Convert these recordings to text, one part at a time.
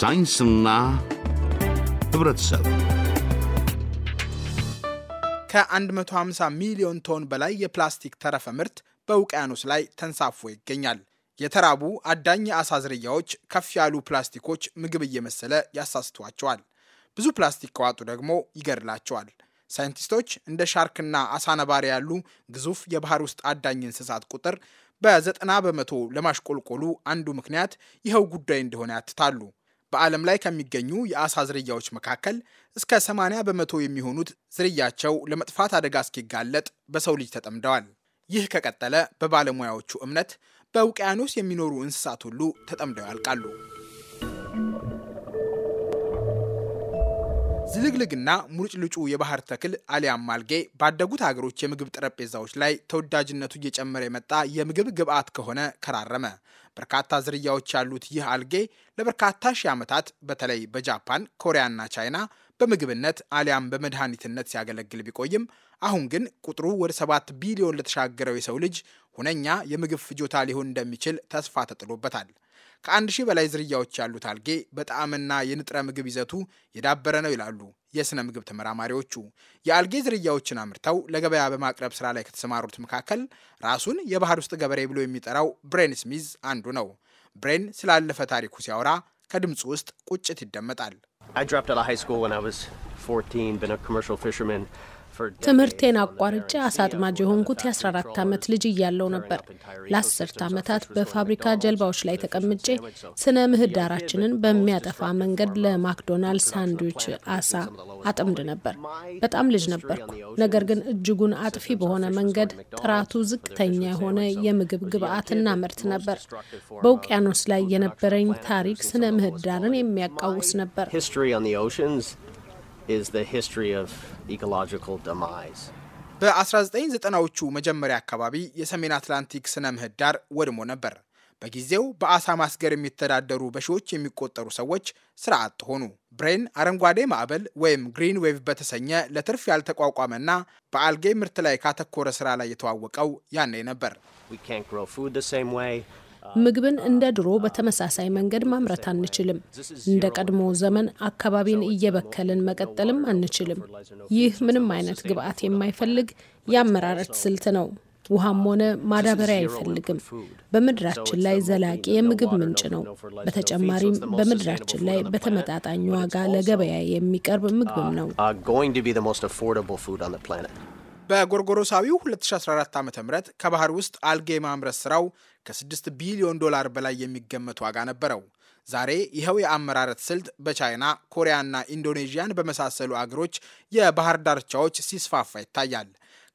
ሳይንስና ህብረተሰብ ከ150 ሚሊዮን ቶን በላይ የፕላስቲክ ተረፈ ምርት በውቅያኖስ ላይ ተንሳፎ ይገኛል። የተራቡ አዳኝ የአሳ ዝርያዎች ከፍ ያሉ ፕላስቲኮች ምግብ እየመሰለ ያሳስቷቸዋል። ብዙ ፕላስቲክ ከዋጡ ደግሞ ይገድላቸዋል። ሳይንቲስቶች እንደ ሻርክና አሳ ነባሪ ያሉ ግዙፍ የባህር ውስጥ አዳኝ እንስሳት ቁጥር በዘጠና በመቶ ለማሽቆልቆሉ አንዱ ምክንያት ይኸው ጉዳይ እንደሆነ ያትታሉ። በዓለም ላይ ከሚገኙ የአሳ ዝርያዎች መካከል እስከ 80 በመቶ የሚሆኑት ዝርያቸው ለመጥፋት አደጋ እስኪጋለጥ በሰው ልጅ ተጠምደዋል። ይህ ከቀጠለ በባለሙያዎቹ እምነት በውቅያኖስ የሚኖሩ እንስሳት ሁሉ ተጠምደው ያልቃሉ። ዝልግልግና ሙልጭልጩ የባህር ተክል አሊያም ማልጌ ባደጉት ሀገሮች የምግብ ጠረጴዛዎች ላይ ተወዳጅነቱ እየጨመረ የመጣ የምግብ ግብዓት ከሆነ ከራረመ። በርካታ ዝርያዎች ያሉት ይህ አልጌ ለበርካታ ሺህ ዓመታት በተለይ በጃፓን ኮሪያና ቻይና በምግብነት አሊያም በመድኃኒትነት ሲያገለግል ቢቆይም አሁን ግን ቁጥሩ ወደ ሰባት ቢሊዮን ለተሻገረው የሰው ልጅ ሁነኛ የምግብ ፍጆታ ሊሆን እንደሚችል ተስፋ ተጥሎበታል። ከአንድ ሺህ በላይ ዝርያዎች ያሉት አልጌ በጣዕምና የንጥረ ምግብ ይዘቱ የዳበረ ነው ይላሉ የሥነ ምግብ ተመራማሪዎቹ። የአልጌ ዝርያዎችን አምርተው ለገበያ በማቅረብ ስራ ላይ ከተሰማሩት መካከል ራሱን የባህር ውስጥ ገበሬ ብሎ የሚጠራው ብሬን ስሚዝ አንዱ ነው። ብሬን ስላለፈ ታሪኩ ሲያወራ ከድምፁ ውስጥ ቁጭት ይደመጣል። ትምህርቴን አቋርጬ አሳ አጥማጅ የሆንኩት የ14 ዓመት ልጅ እያለው ነበር። ለአስርት ዓመታት በፋብሪካ ጀልባዎች ላይ ተቀምጬ ስነ ምህዳራችንን በሚያጠፋ መንገድ ለማክዶናልድ ሳንድዊች አሳ አጥምድ ነበር። በጣም ልጅ ነበርኩ። ነገር ግን እጅጉን አጥፊ በሆነ መንገድ ጥራቱ ዝቅተኛ የሆነ የምግብ ግብዓት እናመርት ነበር። በውቅያኖስ ላይ የነበረኝ ታሪክ ስነ ምህዳርን የሚያቃውስ ነበር። is the history of ecological demise። በ1990ዎቹ መጀመሪያ አካባቢ የሰሜን አትላንቲክ ስነ ምህዳር ወድሞ ነበር። በጊዜው በአሳ ማስገር የሚተዳደሩ በሺዎች የሚቆጠሩ ሰዎች ስራ አጥ ሆኑ። ብሬን አረንጓዴ ማዕበል ወይም ግሪን ዌቭ በተሰኘ ለትርፍ ያልተቋቋመና በአልጌ ምርት ላይ ካተኮረ ስራ ላይ የተዋወቀው ያኔ ነበር። ምግብን እንደ ድሮ በተመሳሳይ መንገድ ማምረት አንችልም። እንደ ቀድሞ ዘመን አካባቢን እየበከልን መቀጠልም አንችልም። ይህ ምንም አይነት ግብአት የማይፈልግ የአመራረት ስልት ነው። ውሃም ሆነ ማዳበሪያ አይፈልግም። በምድራችን ላይ ዘላቂ የምግብ ምንጭ ነው። በተጨማሪም በምድራችን ላይ በተመጣጣኝ ዋጋ ለገበያ የሚቀርብ ምግብም ነው። uh, በጎርጎሮሳዊው 2014 ዓ ም ከባህር ውስጥ አልጌ የማምረት ስራው ከ6 ቢሊዮን ዶላር በላይ የሚገመት ዋጋ ነበረው። ዛሬ ይኸው የአመራረት ስልት በቻይና ኮሪያና ኢንዶኔዥያን በመሳሰሉ አገሮች የባህር ዳርቻዎች ሲስፋፋ ይታያል።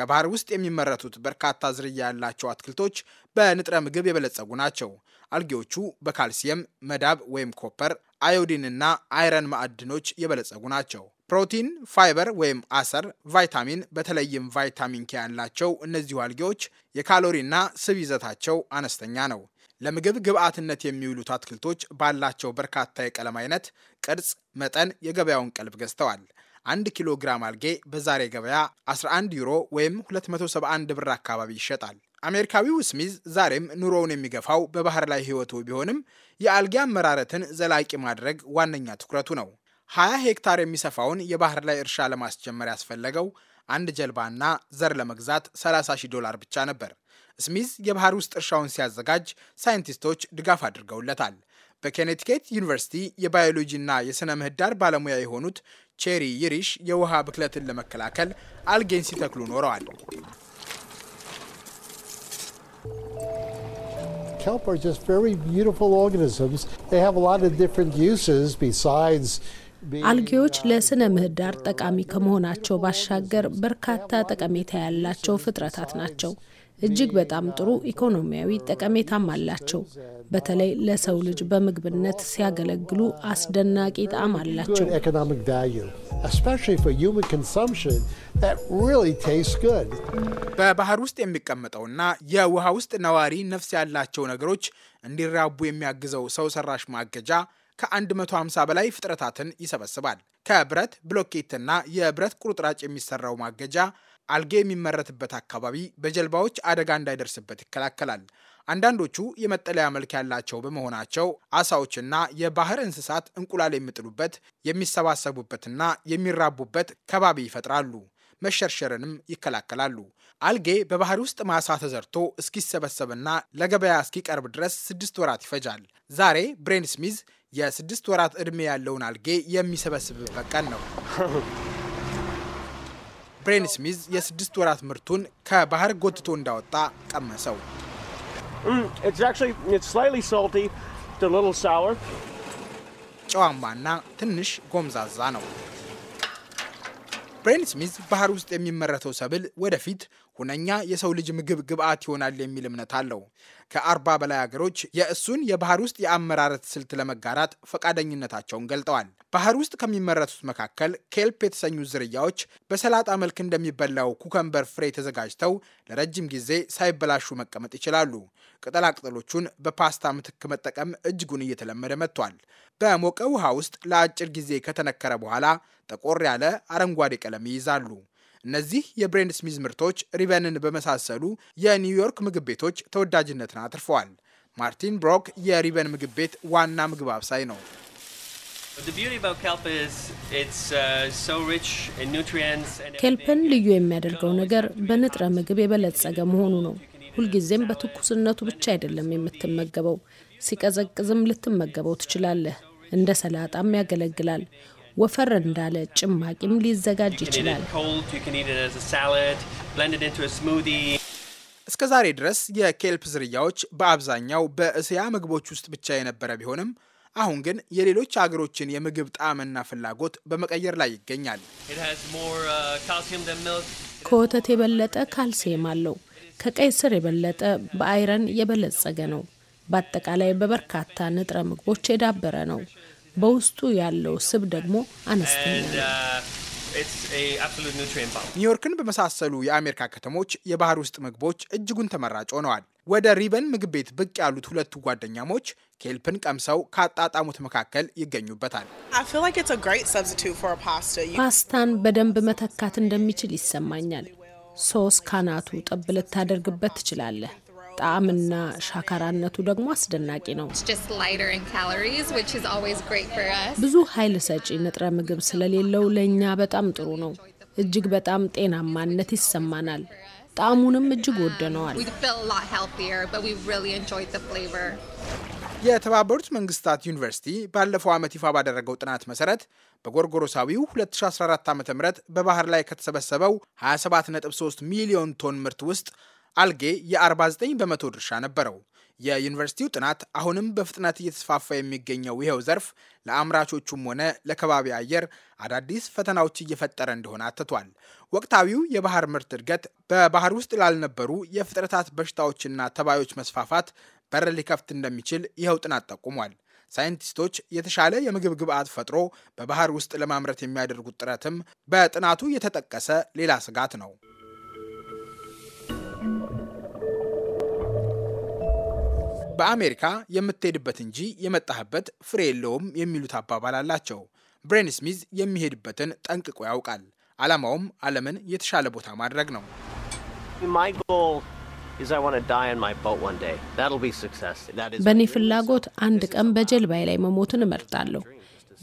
ከባህር ውስጥ የሚመረቱት በርካታ ዝርያ ያላቸው አትክልቶች በንጥረ ምግብ የበለጸጉ ናቸው። አልጌዎቹ በካልሲየም፣ መዳብ ወይም ኮፐር፣ አዮዲንና አይረን ማዕድኖች የበለጸጉ ናቸው። ፕሮቲን፣ ፋይበር ወይም አሰር፣ ቫይታሚን በተለይም ቫይታሚን ኬ ያላቸው እነዚሁ አልጌዎች የካሎሪና ስብ ይዘታቸው አነስተኛ ነው። ለምግብ ግብዓትነት የሚውሉት አትክልቶች ባላቸው በርካታ የቀለም አይነት፣ ቅርጽ፣ መጠን የገበያውን ቀልብ ገዝተዋል። አንድ ኪሎ ግራም አልጌ በዛሬ ገበያ 11 ዩሮ ወይም 271 ብር አካባቢ ይሸጣል። አሜሪካዊው ስሚዝ ዛሬም ኑሮውን የሚገፋው በባህር ላይ ሕይወቱ ቢሆንም የአልጌ አመራረትን ዘላቂ ማድረግ ዋነኛ ትኩረቱ ነው። 20 ሄክታር የሚሰፋውን የባህር ላይ እርሻ ለማስጀመር ያስፈለገው አንድ ጀልባና ዘር ለመግዛት 30 ሺህ ዶላር ብቻ ነበር። ስሚዝ የባህር ውስጥ እርሻውን ሲያዘጋጅ ሳይንቲስቶች ድጋፍ አድርገውለታል። በኬኔቲኬት ዩኒቨርሲቲ የባዮሎጂና የሥነ ምህዳር ባለሙያ የሆኑት ቼሪ ይሪሽ የውሃ ብክለትን ለመከላከል አልጌን ሲተክሉ ኖረዋል። ኬልፕ are just ቨሪ ቢዩቲፉል ኦርጋኒዝምስ They have a lot of አልጌዎች ለስነ ምህዳር ጠቃሚ ከመሆናቸው ባሻገር በርካታ ጠቀሜታ ያላቸው ፍጥረታት ናቸው። እጅግ በጣም ጥሩ ኢኮኖሚያዊ ጠቀሜታም አላቸው። በተለይ ለሰው ልጅ በምግብነት ሲያገለግሉ አስደናቂ ጣዕም አላቸው። በባህር ውስጥ የሚቀመጠውና የውሃ ውስጥ ነዋሪ ነፍስ ያላቸው ነገሮች እንዲራቡ የሚያግዘው ሰው ሰራሽ ማገጃ ከ150 በላይ ፍጥረታትን ይሰበስባል። ከብረት ብሎኬትና የብረት ቁርጥራጭ የሚሰራው ማገጃ አልጌ የሚመረትበት አካባቢ በጀልባዎች አደጋ እንዳይደርስበት ይከላከላል። አንዳንዶቹ የመጠለያ መልክ ያላቸው በመሆናቸው አሳዎችና የባህር እንስሳት እንቁላል የሚጥሉበት የሚሰባሰቡበትና የሚራቡበት ከባቢ ይፈጥራሉ። መሸርሸርንም ይከላከላሉ። አልጌ በባህር ውስጥ ማሳ ተዘርቶ እስኪሰበሰብና ለገበያ እስኪቀርብ ድረስ ስድስት ወራት ይፈጃል። ዛሬ ብሬን ስሚዝ የስድስት ወራት ዕድሜ ያለውን አልጌ የሚሰበስብበት ቀን ነው። ብሬን ስሚዝ የስድስት ወራት ምርቱን ከባህር ጎትቶ እንዳወጣ ቀመሰው። mm, ጨዋማና ትንሽ ጎምዛዛ ነው። ብሬን ስሚዝ ባህር ውስጥ የሚመረተው ሰብል ወደፊት ሁነኛ የሰው ልጅ ምግብ ግብአት ይሆናል የሚል እምነት አለው። ከአርባ በላይ አገሮች የእሱን የባህር ውስጥ የአመራረት ስልት ለመጋራት ፈቃደኝነታቸውን ገልጠዋል። ባህር ውስጥ ከሚመረቱት መካከል ኬልፕ የተሰኙ ዝርያዎች በሰላጣ መልክ እንደሚበላው ኩከምበር ፍሬ ተዘጋጅተው ለረጅም ጊዜ ሳይበላሹ መቀመጥ ይችላሉ። ቅጠላቅጠሎቹን በፓስታ ምትክ መጠቀም እጅጉን እየተለመደ መጥቷል። በሞቀ ውሃ ውስጥ ለአጭር ጊዜ ከተነከረ በኋላ ጠቆር ያለ አረንጓዴ ቀለም ይይዛሉ። እነዚህ የብሬንድ ስሚዝ ምርቶች ሪበንን በመሳሰሉ የኒውዮርክ ምግብ ቤቶች ተወዳጅነትን አትርፈዋል። ማርቲን ብሮክ የሪበን ምግብ ቤት ዋና ምግብ አብሳይ ነው። uh, ኬልፕን ልዩ የሚያደርገው ነገር በንጥረ ምግብ የበለጸገ መሆኑ ነው። ሁልጊዜም በትኩስነቱ ብቻ አይደለም የምትመገበው፣ ሲቀዘቅዝም ልትመገበው ትችላለህ። እንደ ሰላጣም ያገለግላል። ወፈር እንዳለ ጭማቂም ሊዘጋጅ ይችላል። እስከ ዛሬ ድረስ የኬልፕ ዝርያዎች በአብዛኛው በእስያ ምግቦች ውስጥ ብቻ የነበረ ቢሆንም አሁን ግን የሌሎች አገሮችን የምግብ ጣዕምና ፍላጎት በመቀየር ላይ ይገኛል። uh, ከወተት የበለጠ ካልሲየም አለው። ከቀይ ስር የበለጠ በአይረን የበለጸገ ነው። በአጠቃላይ በበርካታ ንጥረ ምግቦች የዳበረ ነው። በውስጡ ያለው ስብ ደግሞ አነስተኛ uh, ኒውዮርክን በመሳሰሉ የአሜሪካ ከተሞች የባህር ውስጥ ምግቦች እጅጉን ተመራጭ ሆነዋል። ወደ ሪበን ምግብ ቤት ብቅ ያሉት ሁለቱ ጓደኛሞች ኬልፕን ቀምሰው ከአጣጣሙት መካከል ይገኙበታል። ፓስታን በደንብ መተካት እንደሚችል ይሰማኛል። ሶስ ካናቱ ጠብ ልታደርግበት ትችላለህ። ጣዕምና ሻካራነቱ ደግሞ አስደናቂ ነው። ብዙ ኃይል ሰጪ ንጥረ ምግብ ስለሌለው ለእኛ በጣም ጥሩ ነው። እጅግ በጣም ጤናማነት ይሰማናል። ጣዕሙንም እጅግ ወደነዋል። የተባበሩት መንግስታት ዩኒቨርሲቲ ባለፈው ዓመት ይፋ ባደረገው ጥናት መሰረት በጎርጎሮሳዊው 2014 ዓ ም በባህር ላይ ከተሰበሰበው 273 ሚሊዮን ቶን ምርት ውስጥ አልጌ የ49 በመቶ ድርሻ ነበረው። የዩኒቨርሲቲው ጥናት አሁንም በፍጥነት እየተስፋፋ የሚገኘው ይኸው ዘርፍ ለአምራቾቹም ሆነ ለከባቢ አየር አዳዲስ ፈተናዎች እየፈጠረ እንደሆነ አትቷል። ወቅታዊው የባህር ምርት እድገት በባህር ውስጥ ላልነበሩ የፍጥረታት በሽታዎችና ተባዮች መስፋፋት በር ሊከፍት እንደሚችል ይኸው ጥናት ጠቁሟል። ሳይንቲስቶች የተሻለ የምግብ ግብዓት ፈጥሮ በባህር ውስጥ ለማምረት የሚያደርጉት ጥረትም በጥናቱ የተጠቀሰ ሌላ ስጋት ነው። በአሜሪካ የምትሄድበት እንጂ የመጣህበት ፍሬ የለውም የሚሉት አባባል አላቸው። ብሬን ስሚዝ የሚሄድበትን ጠንቅቆ ያውቃል። ዓላማውም ዓለምን የተሻለ ቦታ ማድረግ ነው። በእኔ ፍላጎት አንድ ቀን በጀልባይ ላይ መሞትን እመርጣለሁ።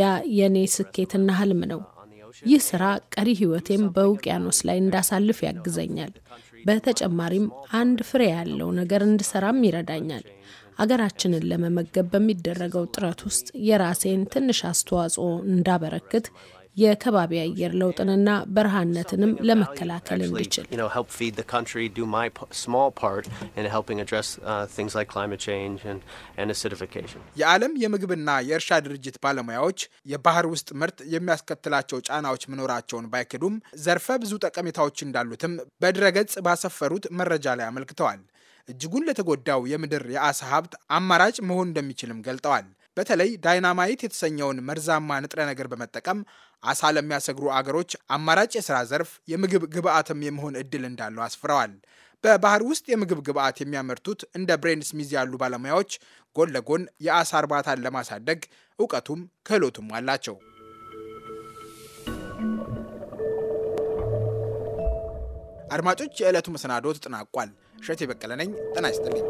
ያ የእኔ ስኬትና ህልም ነው። ይህ ስራ ቀሪ ህይወቴም በውቅያኖስ ላይ እንዳሳልፍ ያግዘኛል። በተጨማሪም አንድ ፍሬ ያለው ነገር እንድሰራም ይረዳኛል። አገራችንን ለመመገብ በሚደረገው ጥረት ውስጥ የራሴን ትንሽ አስተዋጽኦ እንዳበረክት የከባቢ አየር ለውጥንና በረሃነትንም ለመከላከል እንድችል uh, የዓለም የምግብና የእርሻ ድርጅት ባለሙያዎች የባህር ውስጥ ምርት የሚያስከትላቸው ጫናዎች መኖራቸውን ባይክዱም ዘርፈ ብዙ ጠቀሜታዎች እንዳሉትም በድረገጽ ባሰፈሩት መረጃ ላይ አመልክተዋል። እጅጉን ለተጎዳው የምድር የአሳ ሀብት አማራጭ መሆን እንደሚችልም ገልጠዋል። በተለይ ዳይናማይት የተሰኘውን መርዛማ ንጥረ ነገር በመጠቀም አሳ ለሚያሰግሩ አገሮች አማራጭ የሥራ ዘርፍ የምግብ ግብአትም የመሆን እድል እንዳለው አስፍረዋል። በባህር ውስጥ የምግብ ግብአት የሚያመርቱት እንደ ብሬን ስሚዝ ያሉ ባለሙያዎች ጎን ለጎን የአሳ እርባታን ለማሳደግ እውቀቱም ክህሎቱም አላቸው። አድማጮች፣ የዕለቱ መሰናዶ ተጠናቋል። እሸቴ በቀለ ነኝ። ጤና ይስጥልኝ።